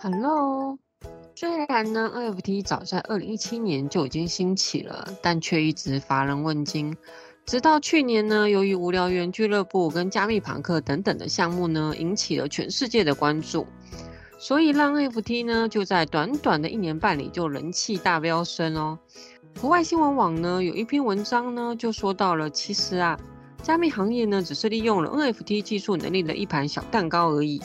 Hello，雖然呢，NFT 早在二零一七年就已經興起了，但卻一直乏人問津。直到去年呢，由於無聊猿俱樂部跟加密龐克等等的項目呢，引起了全世界的關注，所以讓 NFT 呢就在短短的一年半裡就人氣大飆升哦。國外新聞網呢有一篇文章呢就說到了，其實啊，加密行業呢只是利用了 NFT 技術能力的一盤小蛋糕而已。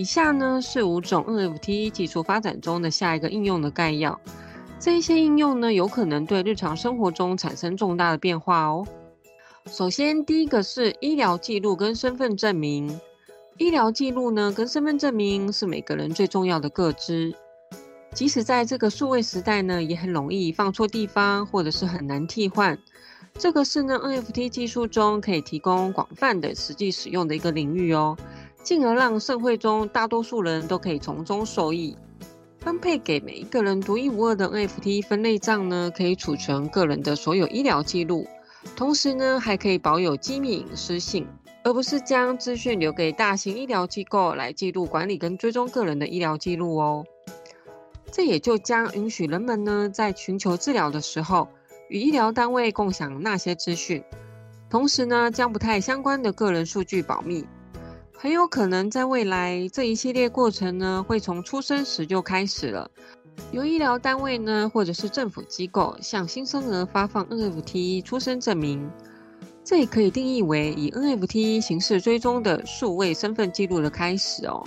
以下呢是五種 NFT 技術發展中的下一個應用的概要。這一些應用呢有可能對日常生活中產生重大的變化哦。首先，第一個是醫療記錄跟身份證明。醫療記錄呢跟身份證明是每個人最重要的個資，即使在這個數位時代呢也很容易放錯地方或者是很難替換。這個是呢 NFT 技術中可以提供廣泛的實際使用的一個領域哦。進而讓社會中大多數人都可以從中受益。分配給每一個人獨一無二的 NFT 分類賬呢，可以儲存個人的所有醫療記錄，同時呢，還可以保有機密隱私性，而不是將資訊留給大型醫療機構來記錄、管理跟追蹤個人的醫療記錄哦。這也就將允許人們呢，在尋求治療的時候，與醫療單位共享那些資訊，同時呢，將不太相關的個人數據保密。很有可能在未來這一系列過程呢，會從出生時就開始了。由醫療單位呢，或者是政府機構向新生兒發放 NFT 出生證明，這也可以定義為以 NFT 形式追蹤的數位身份記錄的開始哦。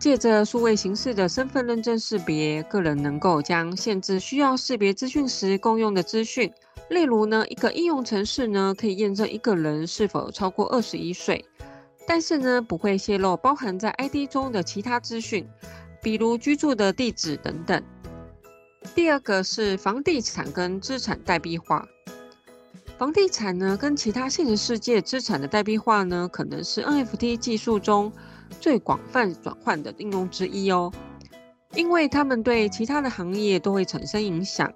借着數位形式的身份認證識別，個人能夠將限制需要識別資訊時共用的資訊，例如呢，一個應用程式呢，可以驗證一個人是否超過二十一歲。但是呢，不會洩露包含在 ID 中的其他資訊，比如居住的地址等等。第二個是房地產跟資產代幣化。房地產呢，跟其他現實世界資產的代幣化呢，可能是 NFT 技術中最廣泛轉換的應用之一哦，因為它們對其他的行業都會產生影響。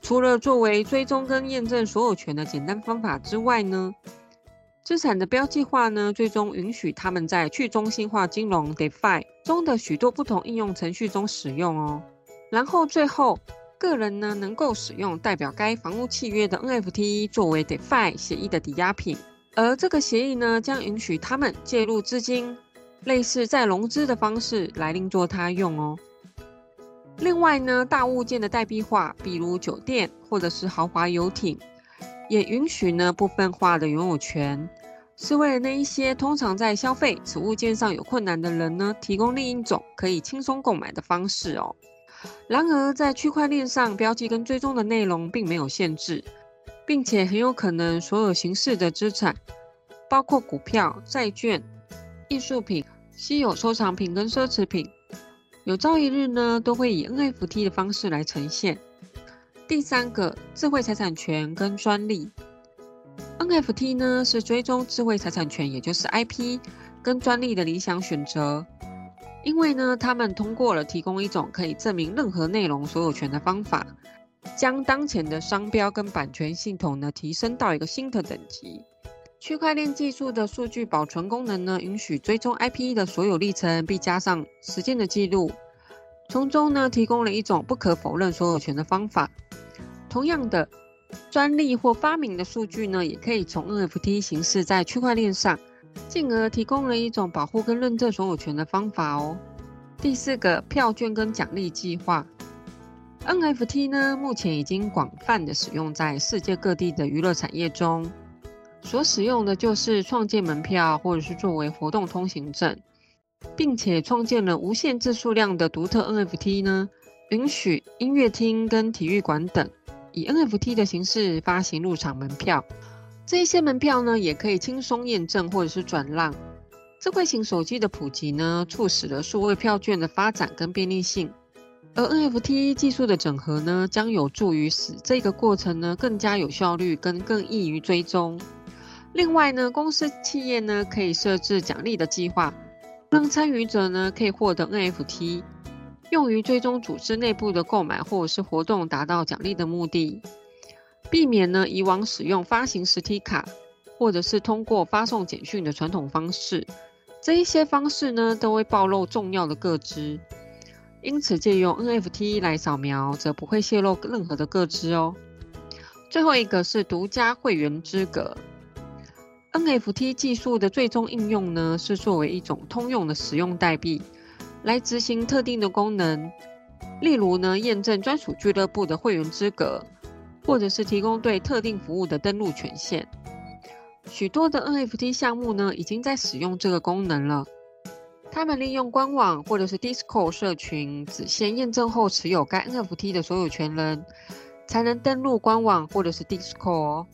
除了作為追蹤跟驗證所有權的簡單方法之外呢，資產的標記化呢，最終允許他們在去中心化金融 DeFi 中的許多不同應用程序中使用哦。然後最後，個人呢能夠使用代表該房屋契約的 NFT 作為 DeFi 協議的抵押品，而這個協議呢將允許他們借入資金，類似再融資的方式來另作他用哦。另外呢，大物件的代幣化，比如酒店或者是豪華遊艇，也允許呢部分化的擁有權。是為了那一些通常在消費此物件上有困難的人呢，提供另一種可以輕鬆購買的方式哦。然而，在區塊鏈上標記跟追蹤的內容並沒有限制，並且很有可能所有形式的資產，包括股票、債券、藝術品、稀有收藏品跟奢侈品，有朝一日呢，都會以 NFT 的方式來呈現。第三個，智慧財產權跟專利。NFT 呢是追蹤智慧財產權，也就是 IP 跟專利的理想選擇，因為呢，他們通過了提供一種可以證明任何內容所有權的方法，將當前的商標跟版權系統呢提升到一個新的等級。區塊鏈技術的數據保存功能呢，允許追蹤 IP 的所有歷程，並加上時間的記錄，從中呢提供了一種不可否認所有權的方法。同樣的。專利或發明的數據呢，也可以從 NFT 形式在區塊鏈上，進而提供了一種保護跟認證所有權的方法哦。第四個票券跟獎勵計劃，NFT 呢目前已經廣泛地使用在世界各地的娛樂產業中，所使用的就是創建門票或者是作為活動通行證，並且創建了無限制數量的獨特 NFT 呢，允許音樂廳跟體育館等。以 NFT 的形式發行入場門票，這一些門票呢，也可以輕鬆驗證或者是轉讓。智慧型手機的普及呢，促使了數位票券的發展跟便利性，而 NFT 技術的整合呢，將有助於使這個過程呢，更加有效率跟更易於追蹤。另外呢，公司企業呢，可以設置獎勵的計劃，讓參與者呢，可以獲得 NFT。用於追蹤組織內部的購買或者是活動，達到獎勵的目的，避免呢以往使用發行實體卡或者是通過發送簡訊的傳統方式，這一些方式呢都會暴露重要的個資，因此借用 NFT 來掃描，則不會泄露任何的個資哦。最後一個是獨家會員資格，NFT 技術的最終應用呢是作為一種通用的使用代幣。來執行特定的功能，例如呢，驗證專屬俱樂部的會員資格，或者是提供對特定服務的登錄權限。許多的 NFT 項目呢，已經在使用這個功能了。他們利用官網或者是 Discord 社群，只限驗證後持有該 NFT 的所有權人，才能登錄官網或者是 Discord 哦。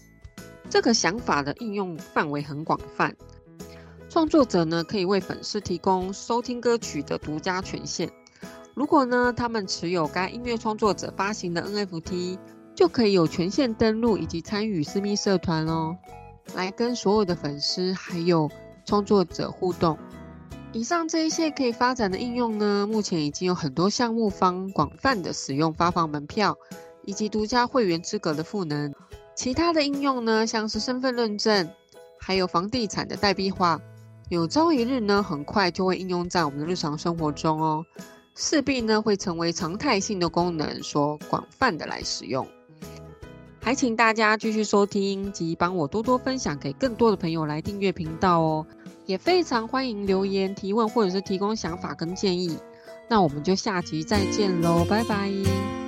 這個想法的應用範圍很廣泛。創作者呢，可以為粉絲提供收聽歌曲的獨家權限。如果呢，他們持有該音樂創作者發行的 NFT，就可以有權限登錄以及參與私密社團哦，來跟所有的粉絲還有創作者互動。以上這一些可以發展的應用呢，目前已經有很多項目方廣泛的使用發放門票以及獨家會員資格的賦能。其他的應用呢，像是身份認證，還有房地產的代幣化。有朝一日呢，很快就會應用在我們的日常生活中哦，勢必呢會成為常態性的功能，所廣泛的來使用。還請大家繼續收聽及幫我多多分享給更多的朋友來訂閱頻道哦，也非常歡迎留言提問或者是提供想法跟建議。那我們就下集再見嘍，拜拜。